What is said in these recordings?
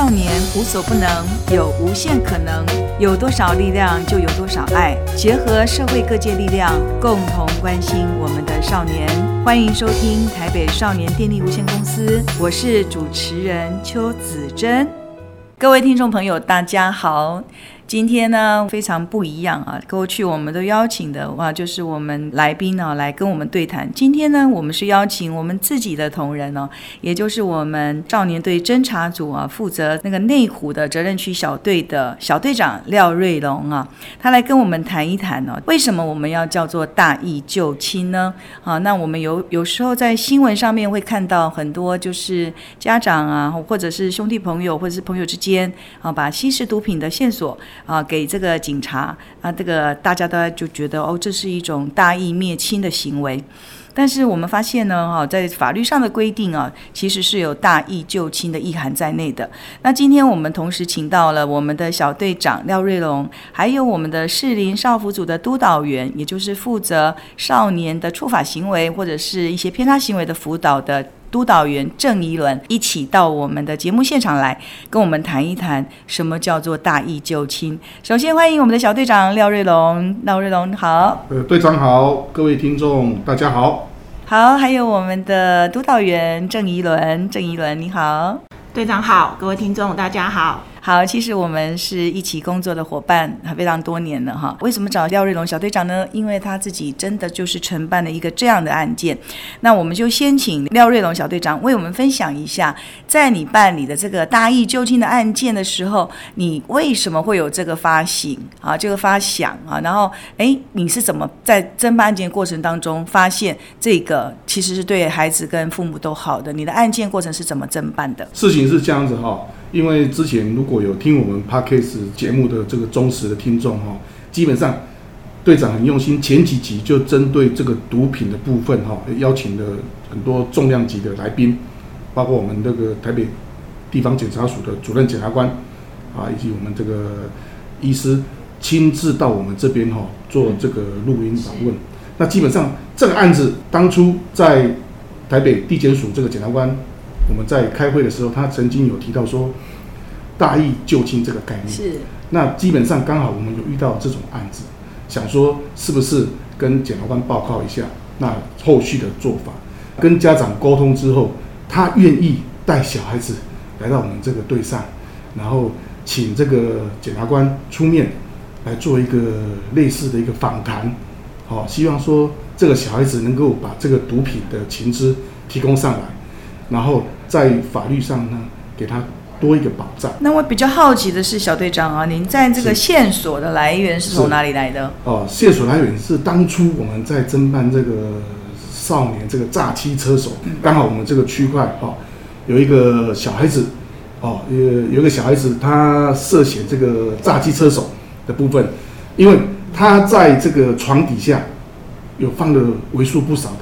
少年無所不能，有無限可能。有多少力量，就有多少愛。結合社會各界力量，共同關心我們的少年。歡迎收聽台北少年電力無限公司，我是主持人邱子珍。各位聽眾朋友，大家好。今天呢非常不一樣啊，過去我們都邀請的話、啊、就是我們來賓呢、啊、來跟我們對談。今天呢我們是邀請我們自己的同仁哦，也就是我們少年隊偵查組啊負責那個內湖的責任區小隊的小隊長廖瑞隆啊，他來跟我們談一談哦、啊，為什麼我們要叫做大義救親呢？啊，那我們有有時候在新聞上面會看到很多就是家長啊，或者是兄弟朋友，或者是朋友之間啊，把吸食毒品的線索。啊，給這個警察啊，這個大家都就覺得哦，這是一種大義滅親的行為。但是我們發現呢，哈、哦，在法律上的規定啊，其實是有大義救親的意涵在內的。那今天我們同時請到了我們的小隊長廖瑞隆，還有我們的士林少輔組的督導員，也就是負責少年的觸法行為或者是一些偏差行為的輔導的。督導員鄭宜倫一起到我們的節目現場來，跟我們談一談什麼叫做大義救親。首先歡迎我們的小隊長廖瑞隆，廖瑞隆你好。呃，隊長好，各位聽眾大家好。好，還有我們的督導員鄭宜倫，鄭宜倫你好。隊長好，各位聽眾大家好。好好，其實我們是一起工作的夥伴，非常多年了哈。為什麼找廖瑞隆小隊長呢？因為他自己真的就是承辦了一個這樣的案件。那我們就先請廖瑞隆小隊長為我們分享一下，在你辦理的這個大義救親的案件的時候，你為什麼會有這個發醒啊？這個發想啊？然後，誒，你是怎麼在偵辦案件過程當中發現這個其實是對孩子跟父母都好的？你的案件過程是怎麼偵辦的？事情是這樣子哈、哦。因為之前如果有聽我們 Podcast 節目的這個忠實的聽眾哈，基本上隊長很用心，前幾集就針對這個毒品的部分哈，邀請了很多重量級的來賓，包括我們那個台北地方檢察署的主任檢察官啊，以及我們這個醫師親自到我們這邊哈做這個錄音訪問。嗯、那基本上這個案子當初在台北地檢署這個檢察官。我們在開會的時候，他曾經有提到說“大義救親”這個概念。是。那基本上剛好我們有遇到這種案子，想說是不是跟檢察官報告一下，那後續的做法，跟家長溝通之後，他願意帶小孩子來到我們這個隊上，然後請這個檢察官出面來做一個類似的一個訪談，好、哦，希望說這個小孩子能夠把這個毒品的情資提供上來，然後。在法律上呢，給他多一個保障。那我比較好奇的是，小隊長啊，您在這個線索的來源是從哪裡來的？哦，線索來源是當初我們在偵辦這個少年這個詐欺車手，剛、嗯、好我們這個區塊啊有一個小孩子，哦，有有個小孩子他涉嫌這個詐欺車手的部分，因為他在這個床底下有放了為數不少的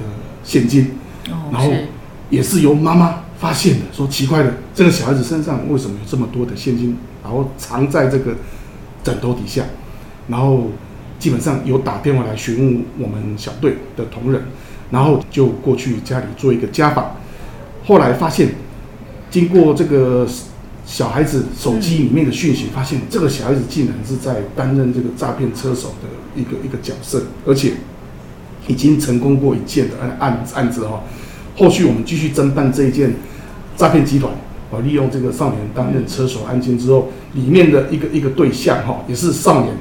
現金，哦、然後也是由媽媽。發現了，說奇怪的，這個小孩子身上為什麼有這麼多的現金？然後藏在這個枕頭底下，然後基本上有打電話來詢問我們小隊的同仁，然後就過去家裡做一個家訪。後來發現，經過這個小孩子手機裡面的訊息，嗯、發現這個小孩子竟然是在擔任這個詐騙車手的一個一個角色，而且已經成功過一件的案案子哦。後續我們繼續偵辦這一件詐騙集團，啊，利用這個少年擔任車手案件之後，裡面的一個一個對象哈，也是少年，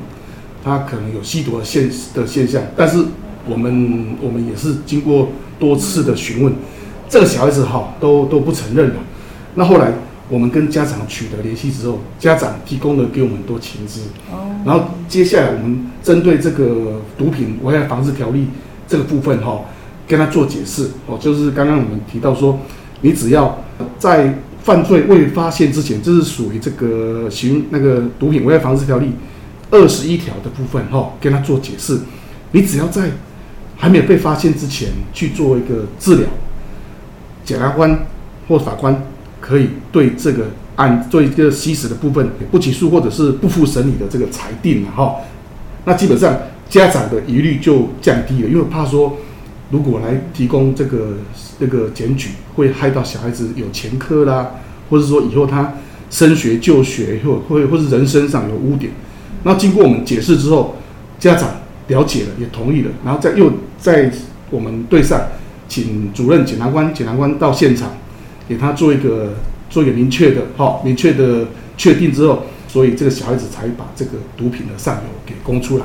他可能有吸毒的現的現象，但是我們我們也是經過多次的詢問，這個小孩子哈都都不承認了，那後來我們跟家長取得聯繫之後，家長提供了給我們很多情資，然後接下來我們針對這個毒品危害防治條例這個部分哈。跟他做解釋哦，就是剛剛我們提到說，你只要在犯罪未發現之前，這是屬於這個《刑那個毒品危害防制條例》二十一條的部分哈、哦。跟他做解釋，你只要在還沒有被發現之前去做一個治療，檢察官或法官可以對這個案做一個吸食的部分不起訴或者是不付審理的這個裁定哈、哦。那基本上家長的疑慮就降低了，因為怕說。如果來提供這個那、這個檢舉，會害到小孩子有前科啦，或者說以後他升學、就學或或或者人身上有污點。那經過我們解釋之後，家長了解了，也同意了，然後再又在我們隊上，請主任檢察官、檢察官到現場，給他做一個做一個明確的、好、哦、明確的確定之後，所以這個小孩子才把這個毒品的上游給供出來。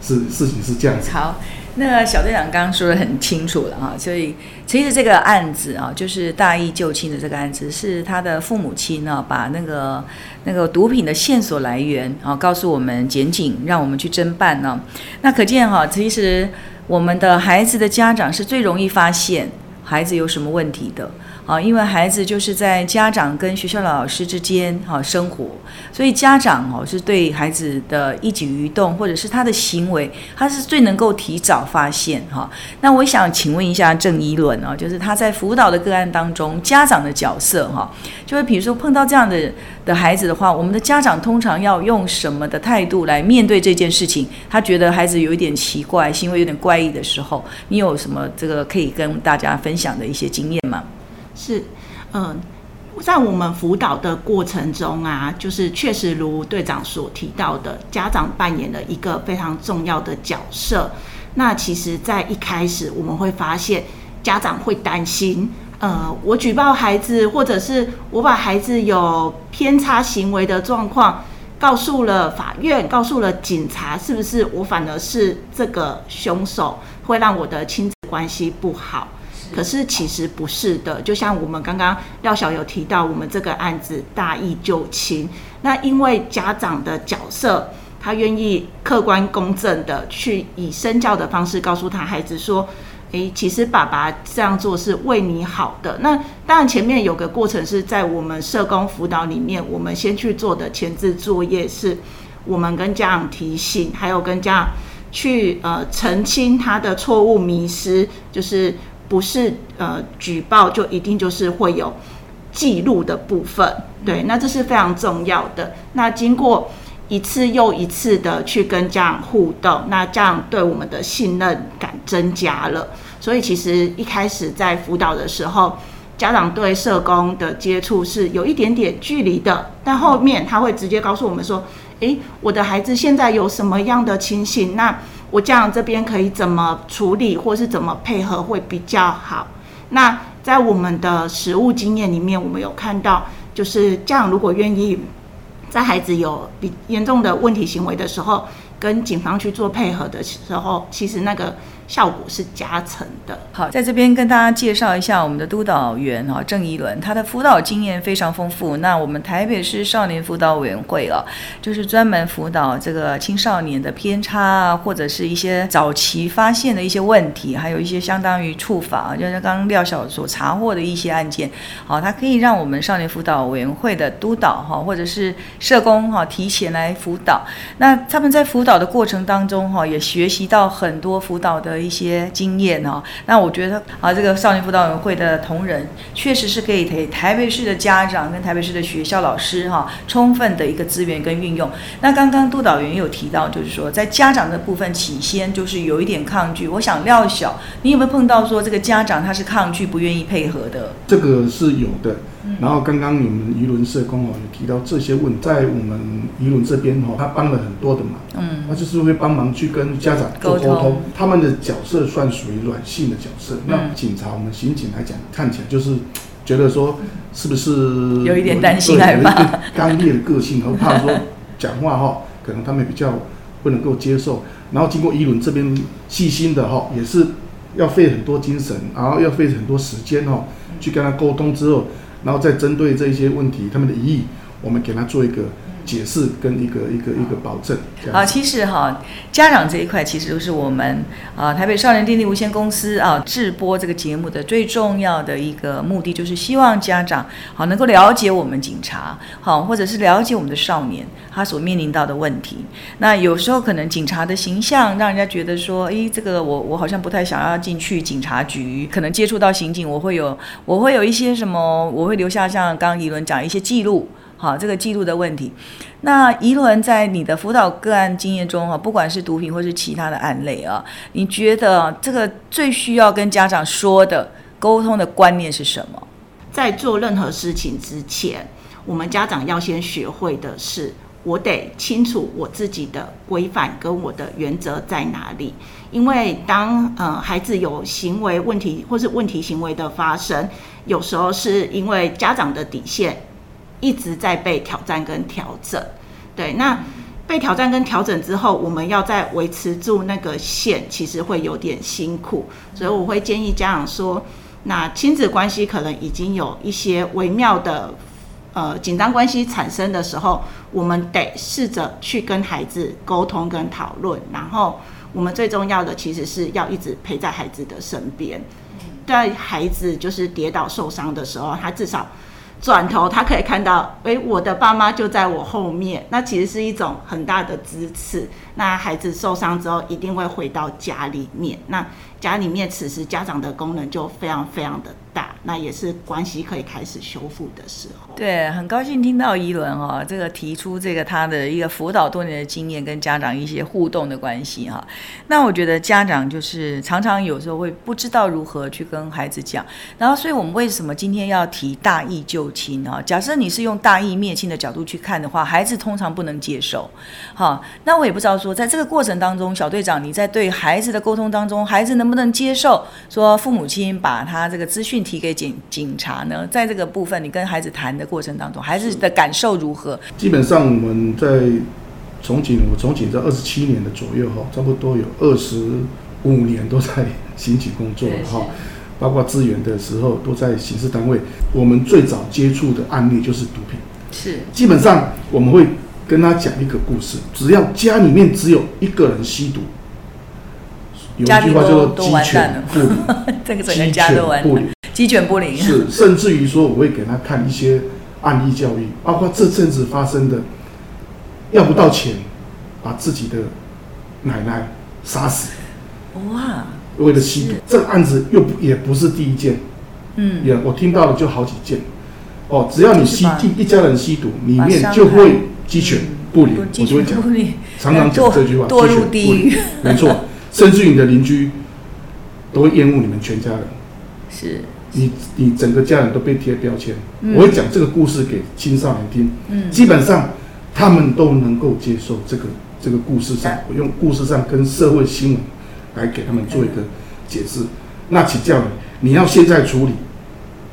是事情是這樣子的。好。那小隊長剛剛說的很清楚了啊，所以其實這個案子啊，就是大義救親的這個案子，是他的父母親呢、啊、把那個那個毒品的線索來源啊告訴我們檢警，讓我們去偵辦呢、啊。那可見哈、啊，其實我們的孩子的家長是最容易發現孩子有什麼問題的。啊，因為孩子就是在家長跟學校的老師之間哈生活，所以家長哦是對孩子的一舉一動或者是他的行為，他是最能夠提早發現哈。那我想請問一下鄭宜倫啊，就是他在輔導的個案當中，家長的角色哈，就會比如說碰到這樣的的孩子的話，我們的家長通常要用什麼的態度來面對這件事情？他覺得孩子有一點奇怪，行為有點怪異的時候，你有什麼這個可以跟大家分享的一些經驗嗎？是，嗯、呃，在我們輔導的過程中啊，就是確實如隊長所提到的，家長扮演了一個非常重要的角色。那其實，在一開始，我們會發現家長會擔心，呃，我舉報孩子，或者是我把孩子有偏差行為的狀況告訴了法院，告訴了警察，是不是我反而是這個兇手，會讓我的親子關係不好？可是其實不是的，就像我們剛剛廖小隊有提到，我們這個案子大義救親。那因為家長的角色，他願意客觀公正的去以身教的方式告訴他孩子說：“誒，其實爸爸這樣做是為你好的。”那當然前面有個過程是在我們社工輔導裡面，我們先去做的前置作業是我們跟家長提醒，還有跟家長去呃澄清他的錯誤、迷思，就是。不是，呃，舉報就一定就是會有記錄的部分，對，那這是非常重要的。那經過一次又一次的去跟家長互動，那家長對我們的信任感增加了。所以其實一開始在輔導的時候，家長對社工的接觸是有一點點距離的，但後面他會直接告訴我們說：“誒，我的孩子現在有什麼樣的情形？”那我家長這邊可以怎麼處理，或是怎麼配合會比較好？那在我們的實務經驗裡面，我們有看到，就是家長如果願意，在孩子有比嚴重的問題行為的時候，跟警方去做配合的時候，其實那個。效果是加成的。好，在這邊跟大家介紹一下我們的督導員哈，鄭宜倫，他的輔導經驗非常豐富。那我們台北市少年輔導委員會啊、哦，就是專門輔導這個青少年的偏差啊，或者是一些早期發現的一些問題，還有一些相當於處罰，就是剛剛廖小隊所查獲的一些案件，好、哦，他可以讓我們少年輔導委員會的督導哈、哦，或者是社工哈、哦，提前來輔導。那他們在輔導的過程當中哈、哦，也學習到很多輔導的。一些經驗啊，那我覺得啊，這個少年輔導委員會的同仁確實是可以給台北市的家長跟台北市的學校老師哈，充分的一個資源跟運用。那剛剛督導員有提到，就是說，在家長的部分起先就是有一點抗拒。我想廖小，你有沒有碰到說這個家長他是抗拒不願意配合的？這個是有的。嗯、然後剛剛你們宜倫社工哦，也提到這些問題，在我們宜倫這邊哈、哦，他幫了很多的忙，嗯，他就是會幫忙去跟家長做溝通，嗯、他們的角色算屬於軟性的角色。嗯、那警察我們刑警來講，看起來就是覺得說是不是有一點擔心害怕，對，有一點剛烈的個性和怕說講話哈、哦， 可能他們比較不能夠接受。然後經過宜倫這邊細心的哈、哦，也是要費很多精神，然後要費很多時間哦，去跟他溝通之後，然後再針對這一些問題，他們的疑義，我們給他做一個。解釋跟一個一個一個保證，啊。好，啊，其實哈，啊，家長這一塊其實都是我們啊，台北少年電力無限公司啊，制播這個節目的最重要的一個目的，就是希望家長好，啊，能夠了解我們警察好，啊，或者是了解我們的少年他所面臨到的問題。那有時候可能警察的形象讓人家覺得說，誒，欸，這個我我好像不太想要進去警察局，可能接觸到刑警，我會有我會有一些什麼，我會留下像剛剛宜倫講一些記錄。好，這個記錄的問題。那宜倫在你的輔導個案經驗中、啊，哈，不管是毒品或是其他的案類啊，你覺得這個最需要跟家長說的溝通的觀念是什麼？在做任何事情之前，我們家長要先學會的是，我得清楚我自己的規範跟我的原則在哪裡。因為當呃孩子有行為問題或是問題行為的發生，有時候是因為家長的底線。一直在被挑戰跟調整，對，那被挑戰跟調整之後，我們要再維持住那個線，其實會有點辛苦，所以我會建議家長說，那親子關係可能已經有一些微妙的，呃，緊張關係產生的時候，我們得試着去跟孩子溝通跟討論，然後我們最重要的其實是要一直陪在孩子的身邊，在孩子就是跌倒受傷的時候，他至少，轉頭，他可以看到，哎，我的爸媽就在我後面，那其實是一種很大的支持。那孩子受傷之後一定會回到家裡面，那家裡面此時家長的功能就非常非常的大，那也是關係可以開始修復的時候。對，很高興聽到宜倫哈、喔、這個提出這個他的一個輔導多年的經驗跟家長一些互動的關係哈、喔。那我覺得家長就是常常有時候會不知道如何去跟孩子講，然後所以我們為什麼今天要提大義救親啊？假設你是用大義滅親的角度去看的話，孩子通常不能接受，哈、喔，那我也不知道。說，在這個過程當中，小隊長，你在對孩子的溝通當中，孩子能不能接受說父母親把他這個資訊提給警警察呢？在這個部分，你跟孩子談的過程當中，孩子的感受如何？基本上，我們在從警，我從警在二十七年的左右哈，差不多有二十五年都在刑警工作哈，是，是包括支援的時候都在刑事單位。我們最早接觸的案例就是毒品，是基本上我們會。跟他講一個故事，只要家裡面只有一個人吸毒，有一句話叫做“雞犬不寧”，這個整個家都完，雞犬不寧。是，甚至於說，我會給他看一些案例教育，包括這陣子發生的，要不到錢，把自己的奶奶殺死。哇，為了吸毒，是這個案子又不也不是第一件，嗯，也我聽到的就好幾件。哦，只要你吸進一家人吸毒，裡面就會雞犬不寧。我就會講，常常講這句話，雞犬不寧。沒錯，甚至於你的鄰居都會厭惡你們全家人。是，你你整個家人都被貼標籤。我會講這個故事給青少年聽，基本上他們都能夠接受這個這個故事上，我用故事上跟社會新聞來給他們做一個解釋。那請教你，你要現在處理？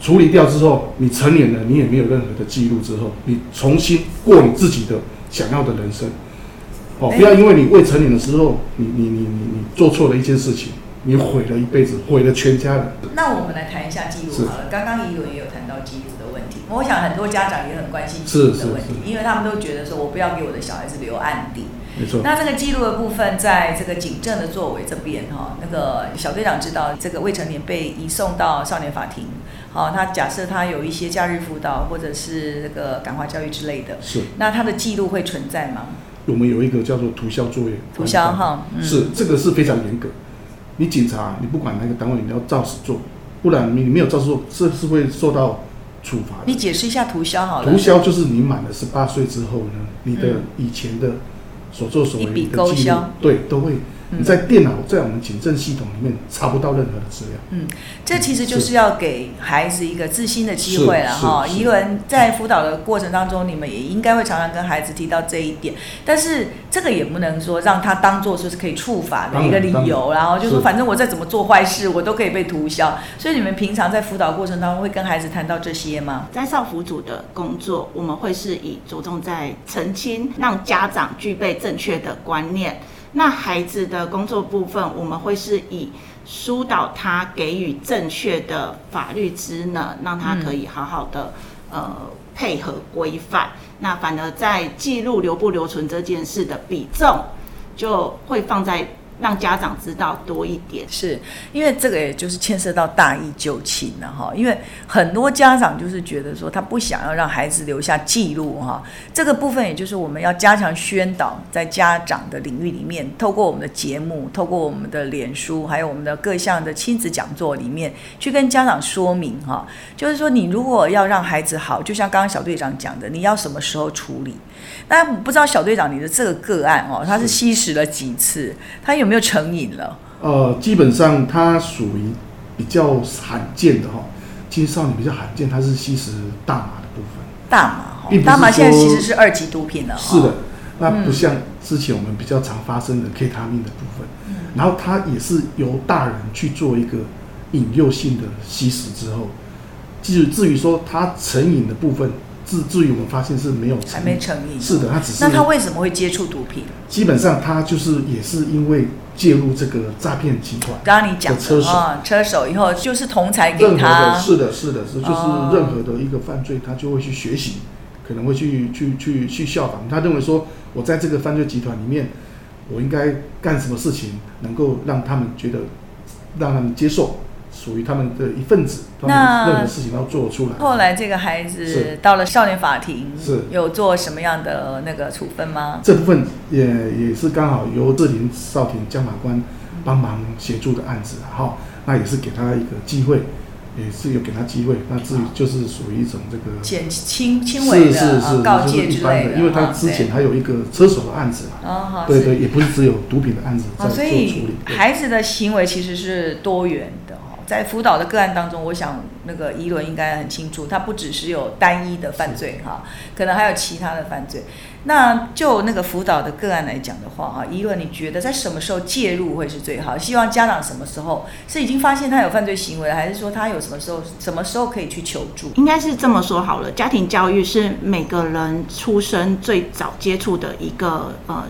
處理掉之後，你成年了，你也沒有任何的記錄。之後，你重新過你自己的想要的人生。哦、欸，不要因為你未成年的時候，你你你你你做錯了一件事情，你毀了一輩子，毀了全家人。那我們來談一下記錄好了。剛剛是也有也有談到記錄的問題，我想很多家長也很關心記錄的問題，是是是因為他們都覺得說，我不要給我的小孩子留案底。沒錯錯。那這個記錄的部分，在這個警政的作為這邊哈，那個小隊長知道，這個未成年被移送到少年法庭，好、哦，他假設他有一些假日輔導，或者是那個感化教育之類的，是。那他的記錄會存在嗎？我們有一個叫做塗銷作業。塗銷哈，是、嗯、這個是非常嚴格。你警察，你不管哪個單位，你要照實做，不然你沒有照做，不是，是會受到處罰的。你解釋一下塗銷好了。塗銷就是你滿了十八歲之後呢，嗯、你的以前的所作所為一筆勾銷，對，都會。你在電腦在我們警政系統裡面查不到任何的資料。嗯，這其實就是要給孩子一個自新的機會了哈。一個人在輔導的過程當中，你們也應該會常常跟孩子提到這一點。但是這個也不能說讓他當做是可以觸犯的一個理由，然，然，然後就說反正我再怎麼做壞事，是我都可以被塗銷。所以你們平常在輔導過程當中會跟孩子談到這些嗎？在少輔組的工作，我們會是以着重在澄清，讓家長具備正確的觀念。那孩子的工作部分，我們會是以疏導他，給予正確的法律知能，讓他可以好好的、嗯、呃配合規範。那反而在記錄留不留存這件事的比重，就會放在。讓家長知道多一點，是因為這個也就是牽涉到大義救親了哈。因為很多家長就是覺得說，他不想要讓孩子留下記錄哈。這個部分也就是我們要加強宣導，在家長的領域裡面，透過我們的節目，透過我們的臉書，還有我們的各項的親子講座裡面，去跟家長說明哈。就是說，你如果要讓孩子好，就像剛剛小隊長講的，你要什麼時候處理？那不知道小隊長你的這個個案哦，他是吸食了幾次？他有？有沒有成癮了？呃，基本上它屬於比較罕見的哈、哦，青少年比較罕見，它是吸食大麻的部分。大麻哈、哦，大麻現在其實是二級毒品了、哦。是的，那不像之前我們比較常發生的 K 他命的部分。嗯、然後它也是由大人去做一個引誘性的吸食之後，至至於說它成癮的部分。至至於我們發現是沒有，還沒誠意。是的，他只是。那他為什麼會接觸毒品？基本上他就是也是因為介入這個詐騙集團。剛剛你講的車手的、哦，車手以後就是同財給他。任何的是的是的是的，就是任何的一個犯罪，他就會去學習，哦、可能會去去去去效仿。他認為說，我在這個犯罪集團裡面，我應該幹什麼事情能夠讓他們覺得，讓他們接受。屬於他們的一份子，任何事情都要做出來。後來這個孩子到了少年法庭，是，有做什麼樣的那個處分嗎？這部分也也是剛好由士林少庭江法官幫忙協助的案子，哈，那也是給他一個機會，也是有給他機會。那至於就是屬於一種這個減輕輕微的告誡之類的，因為他之前還有一個車手的案子，啊對對，也不是只有毒品的案子在做處理。孩子的行為其實是多元。在輔導的個案當中，我想那個宜倫應該很清楚，他不只是有單一的犯罪哈是，可能還有其他的犯罪。那就那個輔導的個案來講的話哈，宜倫你覺得在什麼時候介入會是最好？希望家長什麼時候是已經發現他有犯罪行為，還是說他有什麼時候，什麼時候可以去求助？應該是這麼說好了，家庭教育是每個人出生最早接觸的一個呃。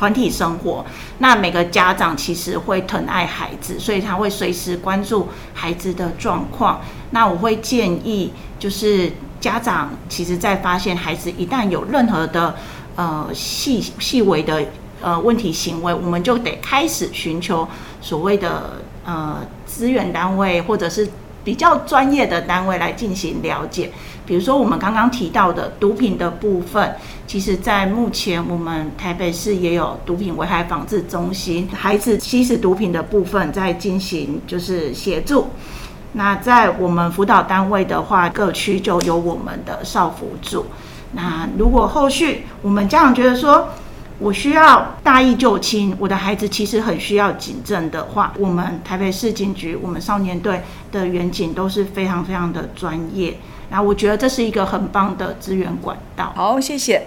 團體生活，那每個家長其實會疼愛孩子，所以他會隨時關注孩子的狀況。那我會建議，就是家長其實在發現孩子一旦有任何的呃細細微的呃問題行為，我們就得開始尋求所謂的呃資源單位或者是。比較專業的單位來進行了解，比如說我們剛剛提到的毒品的部分，其實，在目前我們台北市也有毒品危害防治中心，孩子吸食毒品的部分在進行就是協助。那在我們輔導單位的話，各區就有我們的少輔組。那如果後續我們家長覺得說，我需要大義救親，我的孩子其實很需要警政，的話，我們台北市警局我們少年隊的員警都是非常非常的專業，然後我覺得這是一個很棒的資源管道。好，謝謝。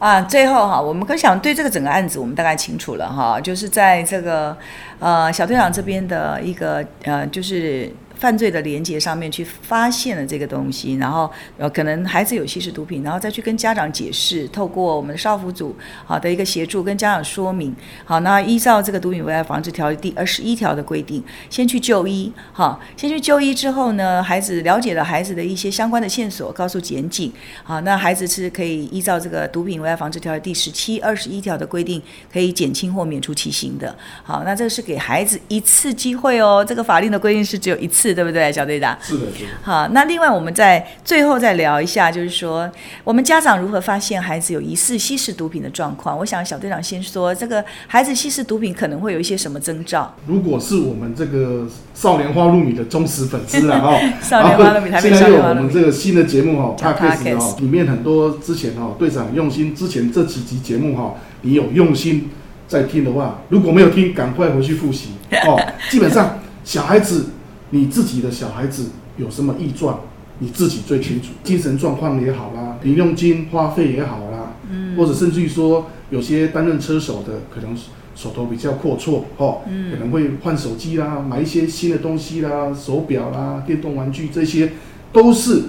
啊，最後哈、啊，我們可想對這個整個案子，我們大概清楚了哈、啊，就是在這個呃小隊長這邊的一個呃就是。犯罪的連結上面去發現了這個東西，然後可能孩子有吸食毒品，然後再去跟家長解釋，透過我們的少輔組好的一個協助，跟家長說明。好，那依照這個毒品危害防治條例第二十一條的規定，先去就醫。哈，先去就醫之後呢，孩子了解了孩子的一些相關的線索，告訴檢警。好，那孩子是可以依照這個毒品危害防治條例第十七、二十一條的規定，可以減輕或免除其刑的。好，那這個是給孩子一次機會哦。這個法令的規定是只有一次。對不對，小隊長？是的，是的。好，那另外我們再最後再聊一下，就是說我們家長如何發現孩子有疑似吸食毒品的狀況。我想小隊長先說，這個孩子吸食毒品可能會有一些什麼徵兆？如果是我們這個《少年花露女》的忠實粉絲了哈，《 少年花露女》才被後有我們這個新的節目哈 Podcast 裡面很多之前哈隊長用心之前這幾集節目哈，你有用心在聽的話，如果沒有聽，趕快回去複習哦。 基本上小孩子。你自己的小孩子有什麼異狀，你自己最清楚。嗯、精神狀況也好啦，零用金花費也好啦，嗯、或者甚至於說，有些擔任車手的，可能手頭比較闊綽，哈、哦，嗯、可能會換手機啦，買一些新的東西啦，手錶啦，電動玩具這些，都是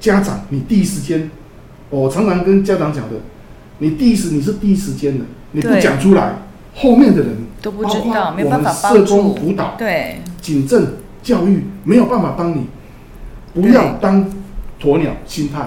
家長你第一時間。嗯、我常常跟家長講的，你第一時你是第一時間的，對你不講出來，後面的人都不知道，包括我們社工沒辦法輔導對，警政。教育沒有辦法幫你，不要當鴕鳥心態。對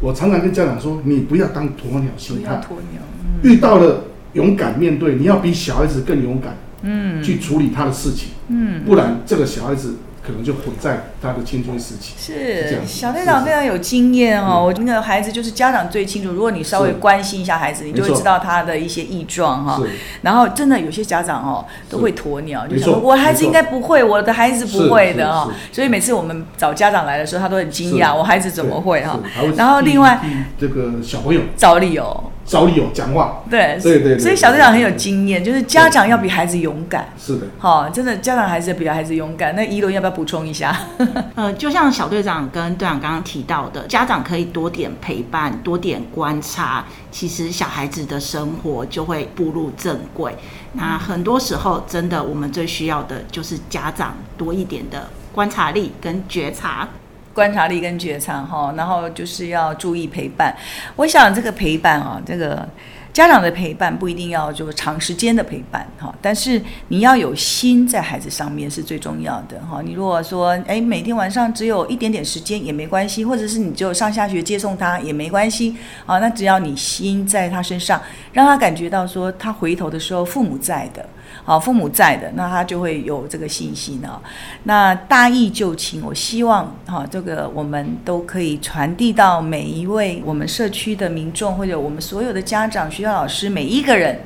我常常跟家長說，你不要當鴕鳥心態，嗯、遇到了勇敢面對，你要比小孩子更勇敢，嗯，去處理他的事情，嗯，不然這個小孩子。可能就毀在他的青春時期。是，小隊長非常有經驗哦。我那個孩子就是家長最清楚。如果你稍微關心一下孩子，你就會知道他的一些異狀哈。然後真的有些家長哦都會鴕鳥，就想說，我孩子應該不會，我的孩子不會的哈。所以每次我們找家長來的時候，他都很驚訝，我孩子怎麼會哈？然後另外這個小朋友找理由。找理由講話，對、對對對，所以小隊長很有經驗，就是家長要比孩子勇敢，是的，好、哦，真的家長還是比孩子勇敢。那宜倫要不要補充一下？ 呃，就像小隊長跟隊長剛剛提到的，家長可以多點陪伴，多點觀察，其實小孩子的生活就會步入正軌。嗯、那很多時候，真的我們最需要的就是家長多一點的觀察力跟覺察。觀察力跟覺察哈，然後就是要注意陪伴。我想這個陪伴啊，這個家長的陪伴不一定要就長時間的陪伴哈，但是你要有心在孩子上面是最重要的哈。你如果說誒、哎，每天晚上只有一點點時間也沒關係，或者是你就上下學接送他也沒關係啊，那只要你心在他身上，讓他感覺到說他回頭的時候父母在的。好，父母在的，那他就會有這個信心哦。那大義救親，我希望哈，這個我們都可以傳遞到每一位我們社區的民眾，或者我們所有的家長、學校老師每一個人。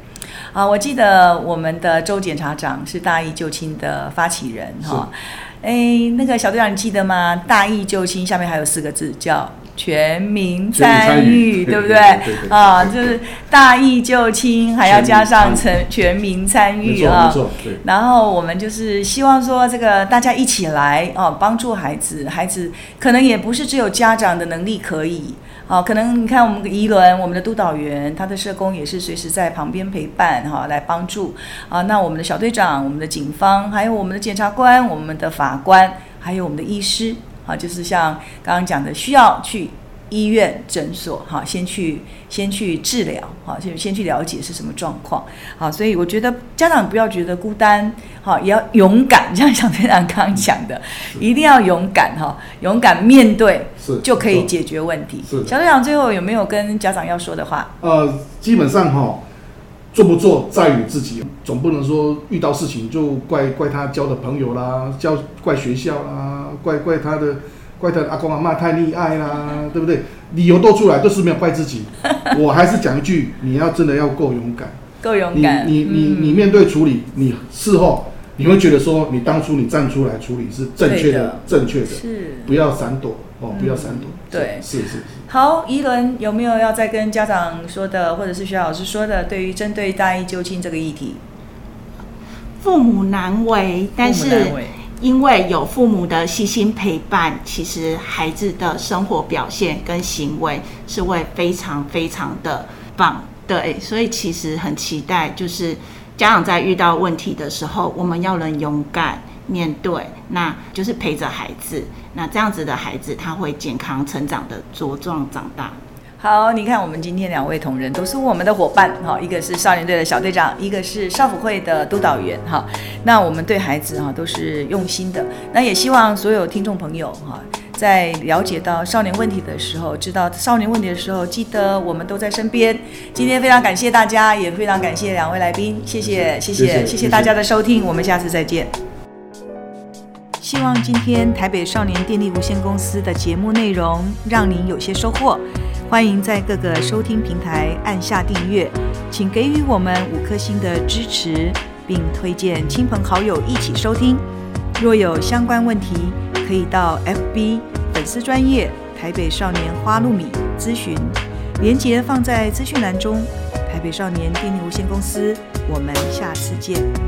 啊，我記得我們的周檢察長是大義救親的發起人哈。誒是、欸，那個小隊長，你記得嗎？大義救親下面還有四個字叫。全民參與，參與對不對？對對對對啊，就是大義救親，還要加上全全民參與啊。然後我們就是希望說，這個大家一起來啊，幫助孩子。孩子可能也不是只有家長的能力可以啊。可能你看，我們的宜倫，我們的督導員，他的社工也是隨時在旁邊陪伴哈、啊，來幫助啊。那我們的小隊長，我們的警方，還有我們的檢察官、我們的法官，還有我們的醫師。啊，就是像剛剛講的，需要去醫院診所哈，先去先去治療，哈，先先去了解是什麼狀況。好，所以我覺得家長不要覺得孤單，好，也要勇敢，就像小隊長剛講的，嗯、一定要勇敢哈，勇敢面對，是就可以解決問題。是，是小隊長，最後有沒有跟家長要說的話？呃，基本上哈。嗯做不做在於自己，總不能說遇到事情就怪怪他交的朋友啦，交怪學校啦，怪怪他的，怪他的阿公阿嬤太溺愛啦，對不對？理由都出來都是沒有怪自己， 我還是講一句，你要真的要夠勇敢，夠勇敢，你你你、嗯、你面對處理，你事後。你會覺得說，你當初你站出來處理是正確的，正確的，確的是不要閃躲、嗯、哦，不要閃躲，嗯、以對，是是是。好，宜倫有沒有要再跟家長說的，或者是學老師說的，對於針對大義救親這個議題，父母難為，但是為因為有父母的悉心陪伴，其實孩子的生活表現跟行為是會非常非常的棒，對，所以其實很期待就是。家長在遇到問題的時候，我們要能勇敢面對，那就是陪着孩子。那這樣子的孩子，他會健康成長、茁壯長大。好，你看我們今天兩位同仁都是我們的夥伴哈，一個是少年隊的小隊長，一個是少輔會的督導員哈。那我們對孩子哈都是用心的，那也希望所有聽眾朋友哈。在了解到少年問題的時候，知道少年問題的時候，記得我們都在身邊。今天非常感謝大家，也非常感謝兩位來賓，謝謝，謝謝，謝謝大家的收聽，我們下次再見。希望今天台北少年電力無限公司的節目內容讓您有些收穫，歡迎在各個收聽平台按下訂閱，請給予我們五顆星的支持，並推薦親朋好友一起收聽。若有相關問題，可以到 FB 粉絲專業台北少年花露米諮詢，鏈接放在資訊欄中。台北少年電力無限公司，我們下次見。